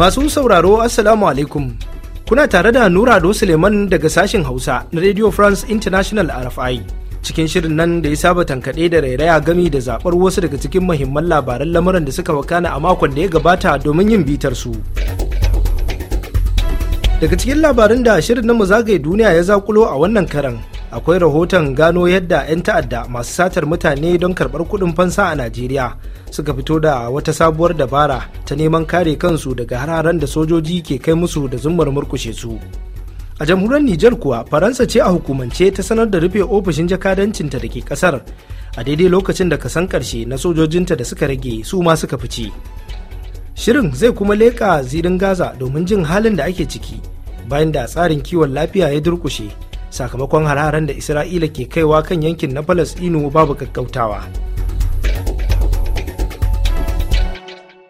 Masu sauraro Assalamu alaikum. Kuna tare da Nura Ado Suleiman daga sashen Hausa na Radio France International RFI. Cikin shirin nan da ya saba tankaɗe da rairaya gami da zaɓar wasu daga cikin muhimman labaran lamuran da suka wakana a makon da ya gabata domin yin bitar su. Daga cikin labarin da shirin na mu zagaye duniya ya zakulo a wannan karan akwai rahoton gano yadda 'yan ta'adda masu satar mutane don karɓar kudin fansa a najeriya suka fito da wata sabuwar dabara ta neman kare kansu daga hararen da sojoji ke kai musu da zummar murkushe su a jamhuriyar nijar kuwa faransa ce a hukumance ta sanar da rufe ofishin jakadancinta da ke kasar a daidai lokacin da kasan karshe na sojojinta da suka rage su ma suka fice shirin zai kuma leƙa zirin gaza domin jin halin da ake ciki bayan da tsarin kiwon lafiya ya durkushe sakamakon hararen da isra'ila ke kaiwa kan yankin na falasɗinu babu kakkautawa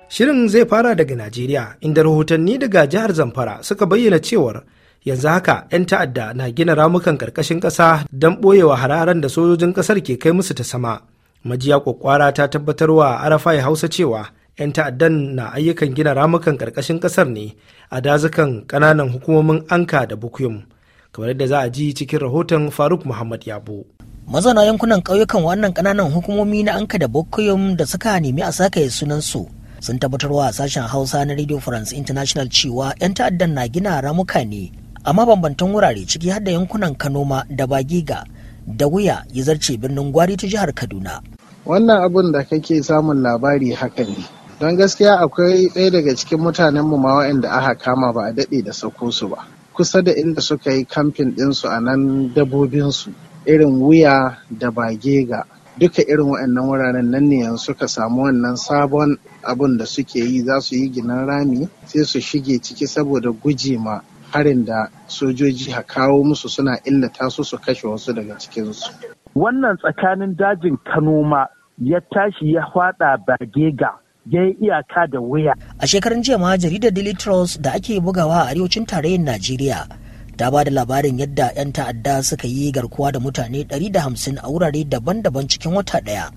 shirin zai fara daga najeriya inda rahotanni daga jihar zamfara suka bayyana cewar yanzu haka 'yan ta'adda na gina ramukan karkashin ƙasa don ɓoyewa hararen da sojojin ƙasar ke kai musu ta sama majiya kwakwara ta tabbatarwa arafai hausa cewa 'yan ta'addan na ayyukan gina ramukan karkashin ƙasar ne a dazukan ƙananan hukumomin anka da bukuyum kamar yadda za a ji cikin rahoton faruk muhammad yabo Mazana yankunan ƙauyukan wannan ƙananan hukumomi na anka da bokoyom da suka nemi a sakaye sunansu sun tabbatarwa a sashen hausa na radio france international cewa 'yan ta'addan na gina ramuka ne a bambantan wurare ciki har da yankunan kanoma da bagiga da wuya ya zarce birnin gwari ta jihar kaduna wannan abun da kake samun labari haka ne don gaskiya akwai ɗaya daga cikin mutanenmu ma waɗanda aka kama ba a daɗe da sauko su ba kusa da inda suka yi kamfin ɗinsu a nan dabobinsu irin wuya da bagega duka irin waɗannan wuraren nan ne yanzu suka samu wannan sabon abin da suke yi za su yi ginin rami sai su shige ciki saboda guje ma harin da sojoji ha kawo musu suna illata su su kashe wasu daga cikinsu. Wannan tsakanin dajin Kano ya tashi ya faɗa bagega ya yi iyaka da wuya. A shekarun jiya ma jaridar Daily Trust da ake bugawa a arewacin tarayyar Najeriya ta ba da labarin yadda 'yan ta'adda suka yi garkuwa da mutane 150 a wurare daban-daban cikin wata ɗaya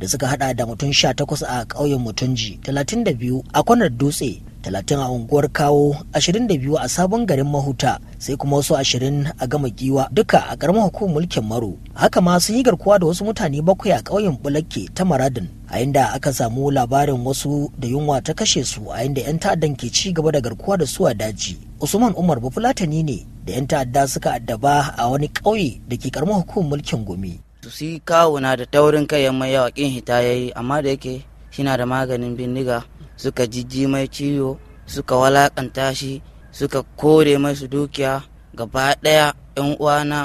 da suka hada da mutum 18 a ƙauyen mutunji 32 a kwanar dutse talatin a unguwar kawo ashirin da biyu a sabon garin mahuta sai kuma wasu ashirin a gama giwa duka a karamar hukumar mulkin maro haka ma sun yi garkuwa da wasu mutane bakwai a ƙauyen bulakke ta maradin a inda aka samu labarin wasu da yunwa ta kashe su a inda 'yan ta'addan ke ci gaba da garkuwa da su a daji usman umar bafulatani ne da 'yan ta'adda suka addaba a wani kauye da ke karamar hukumar mulkin gumi su kawo na da taurin kai yamma yawa kin hita yayi amma da yake shina da maganin bindiga suka jijji mai ciwo suka walakanta shi suka kore mai su dukiya gaba ɗaya yan uwana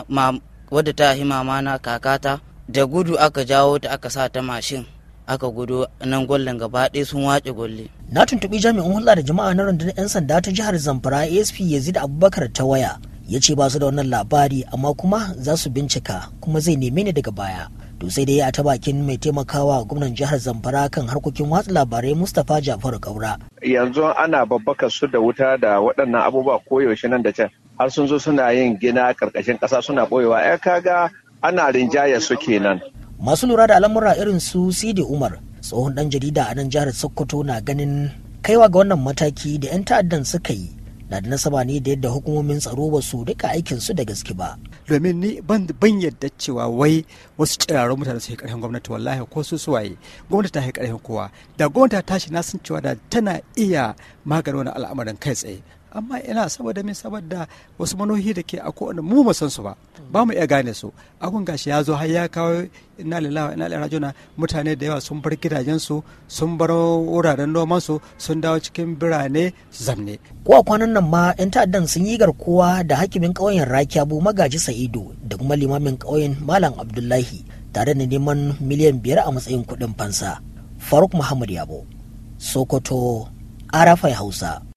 wadda ta hi mamana kakata da gudu aka jawo ta aka sa ta mashin aka gudu nan gwallon gaba ɗaya sun wace gwalli na tuntuɓi jami'in hulɗa da jama'a na rundunar 'yan sanda ta jihar zamfara asp yazid abubakar ta waya ya ce ba su da wannan labari amma kuma za su bincika kuma zai neme ni daga baya to sai dai a ta bakin mai taimakawa gwamnan jihar zamfara kan harkokin watsa labarai mustapha jafaru kaura yanzu ana babbaka su da wuta da waɗannan abubuwa koyaushe nan da can har sun zo suna yin gina karkashin ƙasa suna ɓoyewa ya kaga ana rinjaya su kenan masu lura da al'amura irin su sidi umar tsohon ɗan jarida a nan jihar sokoto na ganin kaiwa ga wannan mataki da 'yan ta'addan suka yi na da nasaba ne da yadda hukumomin tsaro ba su duka aikin su da gaske ba domin ni ban ban yadda cewa wai wasu tsirarun mutane su yi karfin gwamnati wallahi ko su suwaye gwamnati ta yi karfin kowa da gwamnati ta tashi na san cewa da tana iya maganin wani al'amarin kai tsaye amma ina saboda min saboda wasu manohi da ke ako wanda mu mu san su ba ba mu iya gane su akun gashi ya zo har ya kawo ina lalawa ina lalawa juna mutane da yawa sun bar gidajensu sun bar wuraren noman su sun dawo cikin birane zamne ko a kwanan nan ma yan ta'addan sun yi garkuwa da hakimin ƙauyen abu Magaji Sa'idu da kuma limamin ƙauyen Malam Abdullahi tare da neman miliyan biyar a matsayin kuɗin fansa Faruk Muhammad Yabo Sokoto Arafai Hausa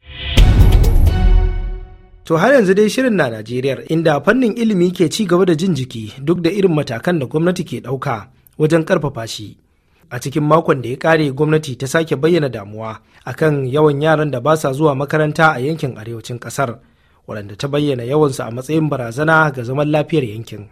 To har yanzu dai shirin na Najeriya inda fannin ilimi ke ci gaba da jin jiki duk da irin matakan da gwamnati ke ɗauka wajen ƙarfafa shi. A cikin makon da ya ƙare gwamnati ta sake bayyana damuwa akan yawan yaran da ba sa zuwa makaranta a yankin arewacin ƙasar, waɗanda ta bayyana yawansu a matsayin barazana ga zaman lafiyar yankin.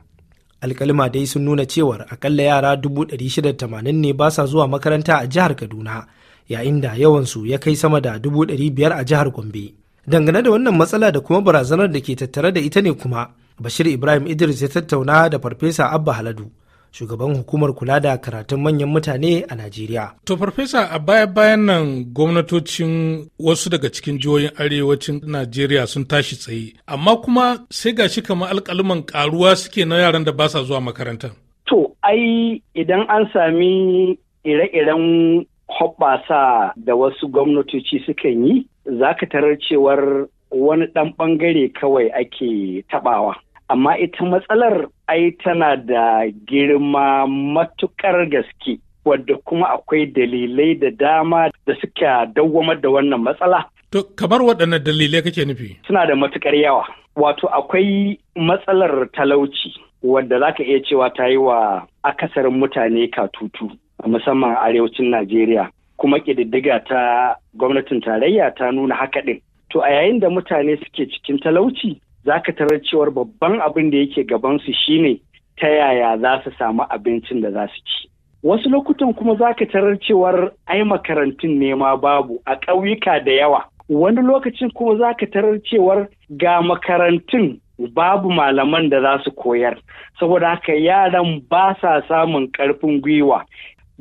Alƙalima dai sun nuna cewar akalla yara dubu ɗari 680 ne ba sa zuwa makaranta a jihar Kaduna, yayin da yawansu ya kai sama da dubu ɗari biyar a jihar Gombe. dangane da wannan matsala da kuma barazanar da ke tattare da ita ne kuma bashir ibrahim idris ya tattauna da farfesa abba haladu shugaban hukumar kula da karatun manyan mutane a najeriya to farfesa a baya bayan nan gwamnatocin wasu daga cikin jihohin arewacin najeriya sun tashi tsaye amma kuma sai gashi kamar alkaluman karuwa suke na yaran da ba sa zuwa makaranta to ai idan an sami ire-iren hoɓɓasa da wasu gwamnatoci sukan yi za ka tarar cewar wani ɗan ɓangare kawai ake taɓawa. Amma ita matsalar ai tana da girma matuƙar gaske wadda kuma akwai dalilai da dama da suka dawwamar da wannan matsala. To, kamar waɗannan dalilai kake nufi? Suna da matuƙar yawa. Wato akwai matsalar talauci wadda za ka iya cewa ta yi wa akasarin mutane katutu. A musamman arewacin Najeriya. Kuma ƙididdiga ta gwamnatin tarayya ta nuna haka ɗin. To a yayin da mutane suke cikin talauci, za ka tarar cewar babban abin da yake gabansu shine ta yaya za su samu abincin da za su ci. Wasu lokutan kuma za ka tarar cewar ai makarantun nema babu a ƙauyuka da yawa. Wani lokacin kuma za ka tarar cewar ga makarantun babu malaman da za su koyar saboda haka yaran ba sa samun ƙarfin gwiwa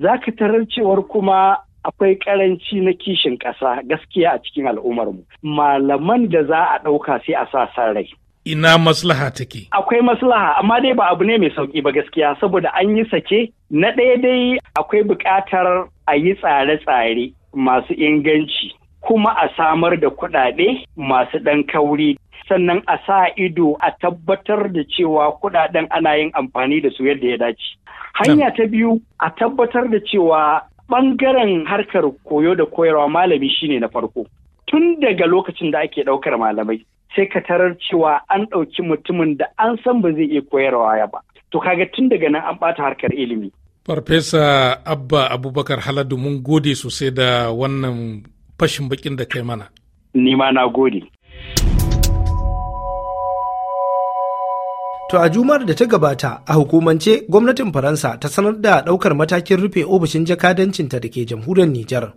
za ka tarar cewar kuma akwai karanci na kishin ƙasa gaskiya a cikin al'ummarmu malaman da za a ɗauka sai a sa san rai ina maslaha take akwai maslaha amma dai ba abu ne mai sauƙi ba gaskiya saboda an yi sake na ɗaya dai akwai buƙatar a yi tsare-tsare masu inganci kuma a samar da kuɗaɗe masu ɗan kauri sannan a sa ido a tabbatar da cewa kuɗaɗen ana yin amfani da su yadda ya dace hanya ta biyu a tabbatar da cewa ɓangaren harkar koyo da koyarwa malami shine na farko tun daga lokacin da ake ɗaukar malamai sai ka tarar cewa an ɗauki mutumin da an san ba zai iya koyarwa ya ba to kaga tun daga nan an bata harkar ilimi farfesa abba abubakar haladu mun gode sosai da wannan fashin bakin da kai mana ni ma na gode To a jumar da ta gabata a hukumance gwamnatin Faransa ta sanar da ɗaukar matakin rufe ofishin jakadancinta da ke jamhuriyar Nijar.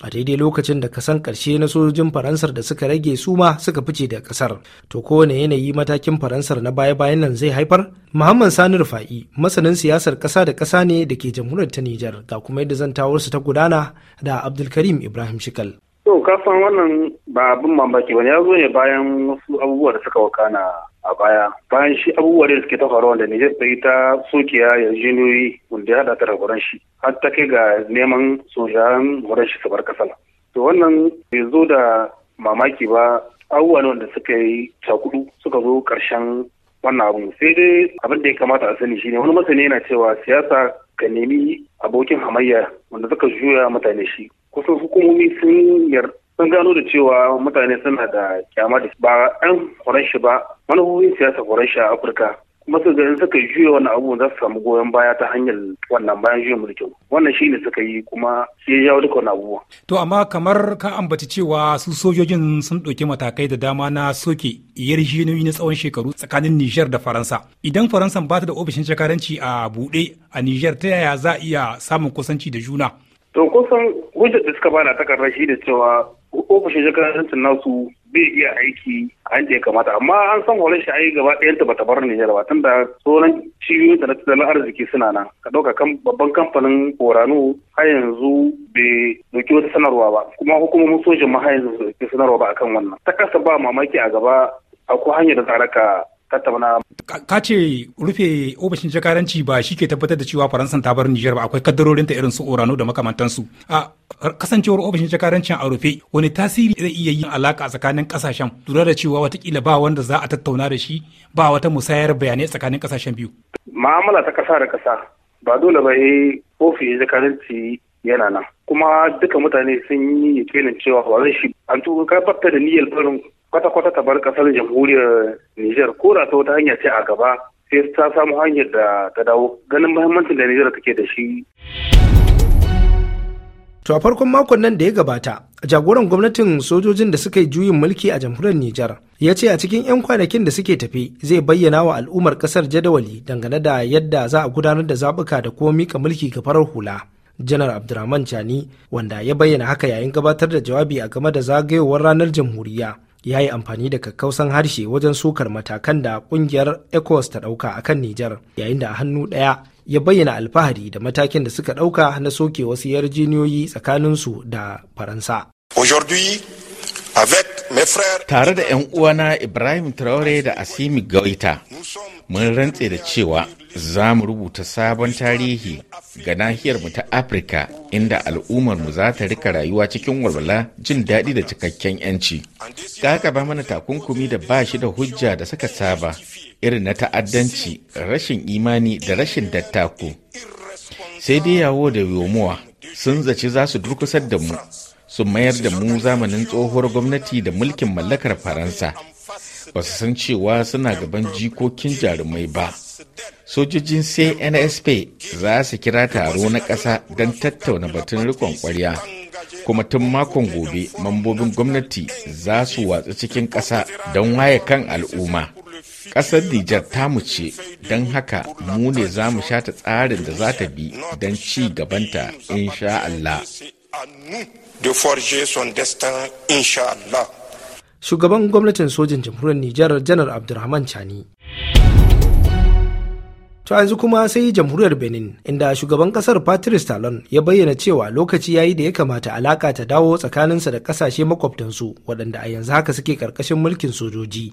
A daidai lokacin da kasan karshe na sojojin Faransar da suka rage su ma suka fice da kasar To kowane yanayi matakin Faransar na baya-bayan nan zai haifar? Muhammad Sani Rufa'i masanin siyasar ƙasa da ƙasa ne da ke jamhuriyar ta Nijar ga kuma yadda zantawarsu ta gudana da Abdulkarim Ibrahim Shikal. To kasan wannan ba abin mamaki ba ya zo ne bayan wasu abubuwa da suka wakana a baya bayan shi abubuwa da suke ta faruwa da Nijar sai ta sokiya ya jiniyoyi wanda ya hada ta da shi har ta kai ga neman sojan horon shi su bar kasala to wannan bai zo da mamaki ba abubuwa wanda suka yi cakudu suka zo karshen wannan abu sai dai abin da ya kamata a sani shine wani masani yana cewa siyasa ka nemi abokin hamayya wanda suka juya mutane shi kusan hukumomi sun yarda sun gano da cewa mutane suna da kyama da ba ɗan shi ba manufofin siyasa shi a afirka kuma su gani suka juya wannan abubuwan za su samu goyon baya ta hanyar wannan bayan juyin mulkin wannan shi ne suka yi kuma ya jawo duka wannan abubuwan. to amma kamar ka ambaci cewa su sojojin sun ɗauki matakai da dama na soke jinoyi na tsawon shekaru tsakanin niger da faransa idan faransa ba ta da ofishin shekaranci a buɗe a niger ta yaya za a iya samun kusanci da juna to kusan hujjar da suka bada takardar shi da cewa ofishin jakarancin nasu bai iya aiki a yadda ya kamata amma an san horon shi ayi gaba ɗayanta bata bar Nijar ba tunda sauran cibiyoyin na tattalin arziki suna nan ka ɗauka kan babban kamfanin Orano har yanzu bai dauki wata sanarwa ba kuma hukumomin sojin ma har yanzu sanarwa ba akan wannan ta kasa ba mamaki a gaba akwai hanyar da za ka tattauna. Ka ce rufe ofishin jakaranci ba shi ke tabbatar da cewa faransa ta bar Nijar ba akwai kaddarorinta irin su Orano da makamantansu. A kasancewar ofishin jakarancin a rufe wani tasiri zai iya yin alaka a tsakanin kasashen lura da cewa watakila ba wanda za a tattauna da shi ba wata musayar bayanai tsakanin kasashen biyu. Ma'amala ta kasa da kasa ba dole ba ofishin jakaranci yana nan kuma duka mutane sun yi yakinin cewa ba zai shi an tuka kafarta da niyyar barin kwata-kwata ta bar kasar jamhuriyar Nijar ko da ta wata hanya ce a gaba sai ta samu hanyar da ta dawo ganin muhimmancin da Nijar take da shi. To a farkon makon nan da ya gabata, jagoran gwamnatin sojojin da suka yi juyin mulki a jamhuriyar Nijar ya ce a cikin 'yan kwanakin da suke tafi zai bayyana wa al'ummar kasar jadawali dangane da yadda za a gudanar da zaɓuka da kuma mika mulki ga farar hula. janar abdurrahman chani wanda ya bayyana haka yayin gabatar da jawabi a game da zagayowar ranar jamhuriya ya yi amfani da kakkausan harshe wajen sokar matakan da kungiyar Ecos ta dauka a kan nijar yayin da a hannu ɗaya ya bayyana alfahari da matakin da suka dauka na soke wasu yarjeniyoyi tsakaninsu da faransa Tare da 'yan uwana Ibrahim Traore da Asimi Goita, mun rantse da cewa za mu rubuta sabon tarihi ga nahiyarmu ta Afirka inda al'ummarmu za ta rika rayuwa cikin walwala jin daɗi da cikakken 'yanci. Kaka ba mana takunkumi da ba shi da hujja da suka saba, irin na ta'addanci, rashin imani da rashin dattako. Sai dai yawo da yomowa sun zaci za su durkusar da mu. su mayar da mu zamanin tsohuwar gwamnati da mulkin mallakar faransa ba su san cewa suna gaban jikokin jarumai ba sojojin cnsp za su kira taro na ƙasa don tattauna batun rikon ƙwarya kuma tun makon gobe mambobin gwamnati za su watsa cikin ƙasa don waye kan al'umma ƙasar Nijar tamu ce don haka mu ne za mu sha ta tsarin da za ta bi don ci gabanta insha Allah. a nu de forger son destin, inshallah. Shugaban gwamnatin sojin jamhuriyar Nijar Janar Abdulrahman Chani. To yanzu kuma sai jamhuriyar Benin inda shugaban kasar Patrice Talon ya bayyana cewa lokaci yayi da ya kamata alaka ta dawo tsakaninsa da kasashe makwabtansu waɗanda a yanzu haka suke ƙarƙashin mulkin sojoji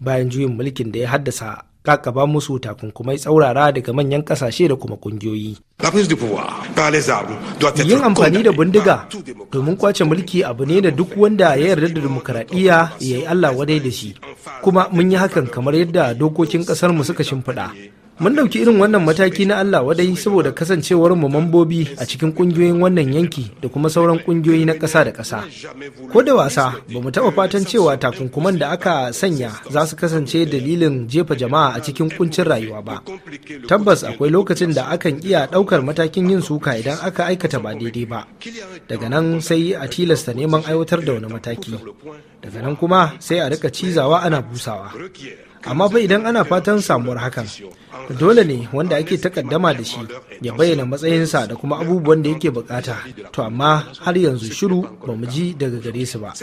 bayan juyin mulkin da ya haddasa kakaba musu takunkumai tsaurara daga manyan kasashe da kuma kungiyoyi. Yin amfani da bindiga domin kwace mulki abu ne da duk wanda ya yarda da demokaradiyya ya yi Allah wadai da shi, kuma mun yi hakan kamar yadda dokokin ƙasarmu suka shimfiɗa. mun ɗauki irin wannan mataki na Allah wadai saboda kasancewar mu mambobi a cikin ƙungiyoyin wannan yanki da kuma sauran ƙungiyoyi na ƙasa da ƙasa. Ko da wasa ba mu taɓa fatan cewa takunkuman da aka sanya za su kasance dalilin jefa jama'a a cikin kuncin rayuwa ba. Tabbas akwai lokacin da akan iya ɗaukar matakin yin suka idan aka aikata ba daidai ba. Daga nan sai a tilasta neman aiwatar da wani mataki. Daga nan kuma sai a rika cizawa ana busawa. amma fa idan ana fatan samuwar hakan dole ne wanda ake takaddama da shi ya bayyana matsayinsa da kuma abubuwan da yake bukata to amma har yanzu shiru ba mu ji daga gare su ba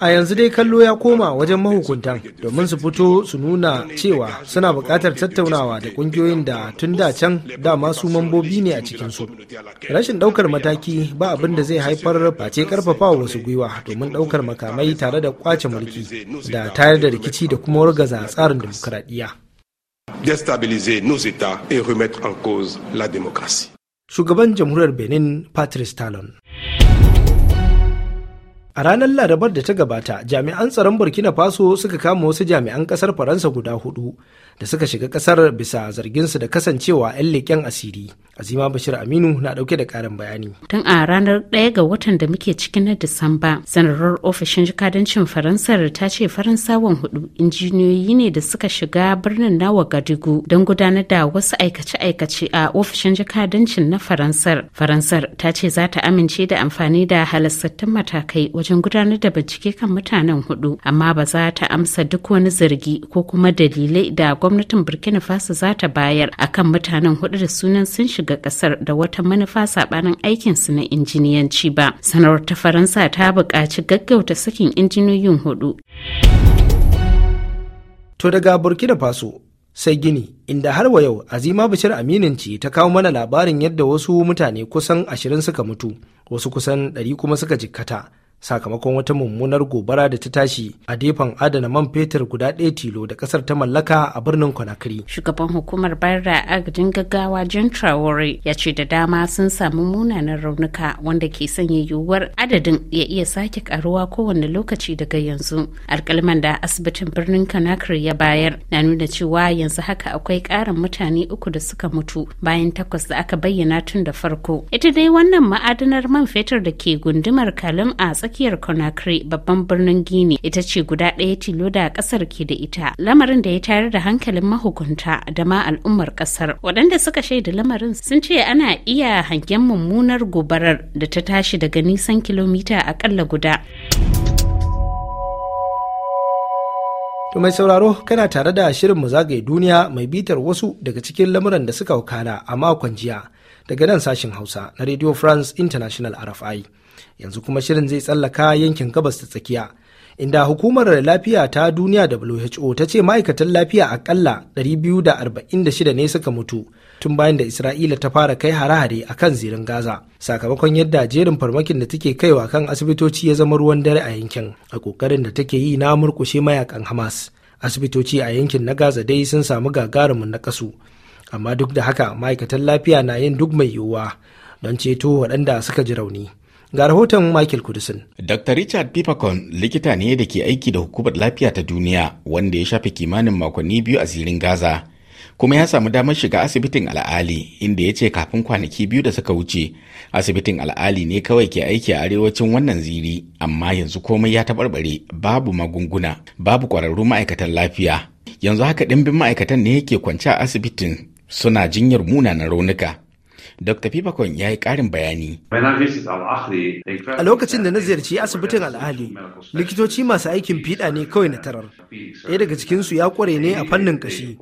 a yanzu dai kallo ya koma wajen mahukuntan domin su fito su nuna cewa suna buƙatar tattaunawa da ƙungiyoyin da tun da can dama su mambobi ne a cikinsu rashin ɗaukar mataki ba abin da zai haifar face ƙarfafa wasu gwiwa domin ɗaukar makamai tare da ƙwace mulki da tayar da rikici da kuma wargaza tsarin dimokuraɗiyya. Shugaban jamhuriyar Benin Patrice Talon A ranar Larabar da ta gabata, jami'an tsaron Burkina Faso suka kama wasu jami'an ƙasar Faransa guda hudu da suka shiga kasar bisa zarginsu da kasancewa 'yan leƙen asiri azima bashir aminu na dauke da karin bayani tun a ranar ɗaya ga watan da muke cikin na disamba sanarwar ofishin jikadancin faransar ta ce faransawan hudu injiniyoyi ne da suka shiga birnin nawa wagadugu don gudanar da wasu aikace-aikace a ofishin jikadancin na faransar faransar ta ce za ta amince da amfani da halassattun matakai wajen gudanar da bincike kan mutanen hudu amma ba za ta amsa duk wani zargi ko kuma dalilai da gwamnatin burkina faso za ta bayar akan mutanen hudu da sunan sun shiga kasar da wata manufa sabanin aikinsu na injiniyanci ba sanarwar ta faransa ta buƙaci gaggauta sakin injiniyoyin hudu to daga burkina faso sai gini inda har wa yau azima bashir aminanci ta kawo mana labarin yadda wasu mutane kusan ashirin suka mutu wasu kusan ɗari kuma suka jikkata sakamakon wata mummunar gobara da ta tashi a defan adana man fetur guda ɗaya tilo da ƙasar ta mallaka a birnin konakiri Shugaban hukumar bayar agajin gaggawa jan Traore ya ce da dama sun samu munanan raunuka wanda ke sanya yiwuwar adadin ya iya sake karuwa kowane lokaci daga yanzu. Alkalman da asibitin birnin konakiri ya bayar na nuna cewa yanzu haka akwai ƙarin mutane uku da suka mutu bayan takwas da aka bayyana tun da farko. Ita dai wannan ma'adanar man fetur da ke gundumar Kalim a tsakiyar Conakry babban birnin guinea ita ce guda ɗaya tilo da ƙasar ke da ita. Lamarin da ya tayar da hankalin mahukunta da ma al'ummar ƙasar. Waɗanda suka shaida lamarin sun ce ana iya hangen mummunar gobarar da ta tashi daga nisan kilomita aƙalla guda. To mai sauraro kana tare da shirin mu zagaye duniya mai bitar wasu daga cikin lamuran da suka wakana a makon jiya daga nan sashin Hausa na Radio France International RFI. yanzu kuma shirin zai tsallaka yankin gabas ta tsakiya inda hukumar lafiya ta duniya WHO ta ce ma'aikatan lafiya akalla 246 ne suka mutu tun bayan da Isra'ila ta fara kai hare-hare a kan zirin Gaza sakamakon yadda jerin farmakin da take kaiwa kan asibitoci ya zama ruwan dare a yankin a kokarin da take yi na murkushe mayakan Hamas asibitoci a yankin na Gaza dai sun samu gagarumin kasu amma duk da haka ma'aikatan lafiya na yin duk mai yiwuwa don ceto waɗanda suka ji rauni. Ga rahoton Michael Kudusin. Dr. Richard Pipakon likita ne da ke aiki da hukumar lafiya ta duniya wanda ya shafe kimanin makonni biyu a zirin Gaza. Kuma ya samu damar shiga asibitin al'ali inda ya ce kafin kwanaki biyu da suka wuce asibitin al'ali ne kawai ke aiki a arewacin wannan ziri amma yanzu komai ya taɓarɓare babu magunguna babu ƙwararru ma'aikatan lafiya yanzu haka ɗimbin ma'aikatan ne yake kwance a asibitin suna jinyar munanan raunuka Dr. Pipakon ya yi ƙarin bayani. A lokacin da na ziyarci asibitin al'ahli, likitoci masu aikin fiɗa ne kawai na tarar. Ɗaya daga cikinsu ya ƙware ne a fannin ƙashi.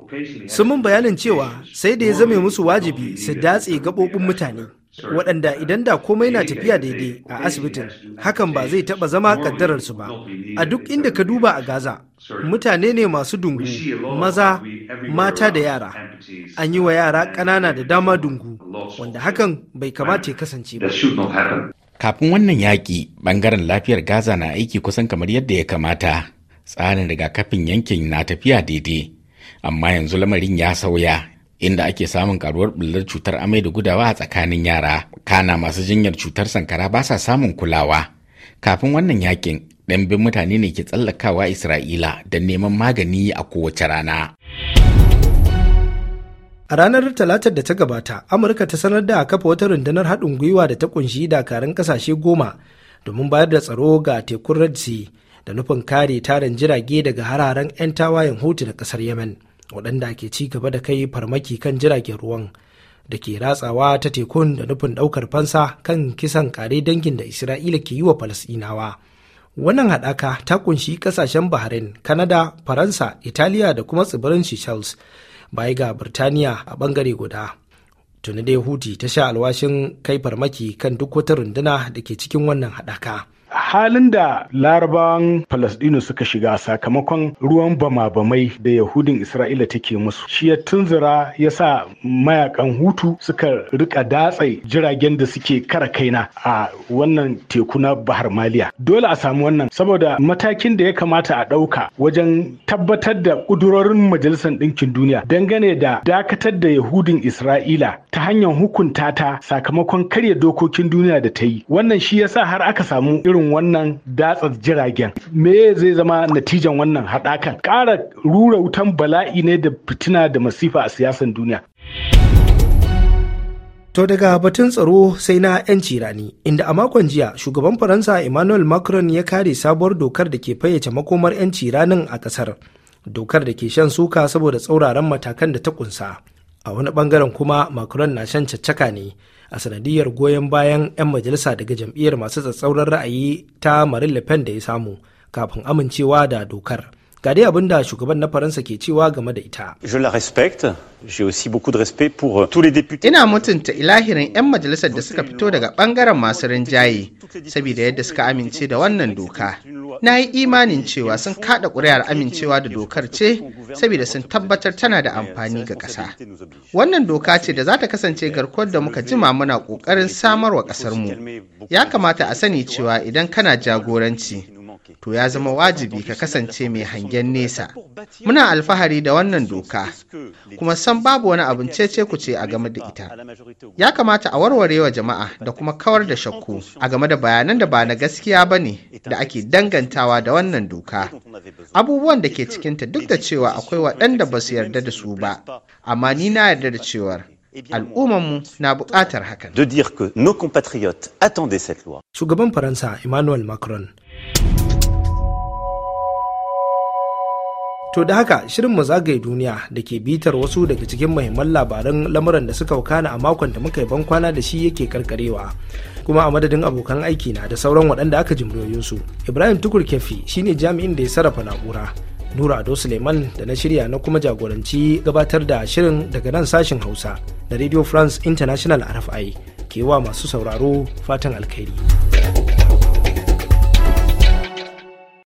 Sun mun bayanin cewa sai da ya zame musu wajibi su datse gaɓoɓin mutane. waɗanda idan da komai na tafiya daidai a asibitin hakan ba zai taɓa zama ƙaddararsu ba a duk inda ka duba a gaza mutane ne masu dungu maza mata da yara an yi wa yara ƙanana da dama dungu wanda hakan bai kamata ya kasance ba kafin wannan yaƙi ɓangaren lafiyar gaza na aiki kusan kamar yadda ya kamata tsarin rigakafin yankin na tafiya daidai amma yanzu lamarin ya sauya inda ake samun karuwar bullar cutar amai da gudawa a tsakanin yara kana masu jinyar cutar sankara ba sa samun kulawa kafin wannan yakin ɗanbin mutane ne ke tsallakawa isra'ila da neman magani a kowace rana a ranar talatar da ta gabata amurka ta sanar da a kafa wata rundunar haɗin gwiwa da ta kunshi dakarun kasashe goma domin bayar da tsaro ga tekun red sea da nufin kare tarin jirage daga hararen 'yan tawayen hutu na ƙasar yemen waɗanda ke ci gaba da kai farmaki kan jiragen ruwan da ke ratsawa ta tekun da nufin ɗaukar fansa kan kisan kare dangin da isra'ila ke yi wa falasɗinawa wannan haɗaka ta kunshi ƙasashen bahrain kanada faransa italiya da kuma tsibirin seychelles bayi ga birtaniya a ɓangare guda tuni dai huti ta sha alwashin kai farmaki kan duk wata runduna da ke cikin wannan haɗaka halin da larabawan falasdino suka shiga sakamakon ruwan bama-bamai da yahudin isra'ila take musu shi ya tunzura ya sa mayakan hutu suka rika datse jiragen da suke kara kaina a wannan teku na bahar maliya dole a samu wannan saboda matakin da ya kamata a ɗauka wajen tabbatar da ƙudurorin majalisar ɗinkin duniya dangane da dakatar da yahudin isra'ila ta hanyar hukunta ta sakamakon karya dokokin duniya da ta yi wannan shi yasa har aka samu irin irin wannan datsa jiragen me zai zama natijan wannan haɗakan ƙara rura wutan bala'i ne da fitina da masifa a siyasan duniya To daga batun tsaro sai na 'yanci rani, inda a makon jiya shugaban Faransa Emmanuel Macron ya kare sabuwar dokar da ke fayyace makomar 'yanci ranin a ƙasar. Dokar da ke shan suka saboda tsauraran matakan da ta kunsa. A wani bangaren kuma Macron na shan caccaka ne a sanadiyar goyon bayan 'yan majalisa daga jam'iyyar masu tsatsauran ra'ayi ta marin Le da ya samu kafin amincewa da dokar. Ga dai abin da shugaban na Faransa ke cewa game da ita. Je euh, Ina mutunta ilahirin 'yan majalisar da suka fito daga bangaren masu rinjaye saboda yadda suka amince da wannan doka. Na yi imanin cewa sun kada ƙuri'ar amincewa da dokar ce saboda sun tabbatar tana da amfani ga ƙasa. Wannan doka ce da za ta kasance garkuwar da muka jima muna ƙoƙarin samarwa ƙasarmu. Ya kamata a sani cewa idan kana jagoranci to ya zama wajibi ka kasance mai hangen nesa. Muna alfahari da wannan doka, kuma san babu wani abin cece ku ce a game da ita. Ya kamata a warware wa jama'a da kuma kawar da shakku a game da bayanan da ba na gaskiya ba ne da ake dangantawa da wannan doka. Abubuwan da ke cikinta duk da cewa akwai waɗanda ba su yarda da su ba, amma ni na yarda da cewar al'ummarmu na buƙatar hakan. De dire que nos compatriotes attendaient cette Shugaban Faransa Emmanuel Macron To da haka shirin mu zagaye duniya da ke bitar wasu daga cikin muhimman labaran lamuran da suka wakana a makon da muka yi ban kwana da shi yake karkarewa. Kuma a madadin abokan aiki na da sauran waɗanda aka jimriyoyinsu. Ibrahim Tukur Kefi shine jami'in da ya sarrafa na'ura. Nura Ado Suleiman da na shirya na kuma jagoranci gabatar da shirin daga nan sashin Hausa da Radio France International RFI. Kewa masu sauraro fatan alkhairi.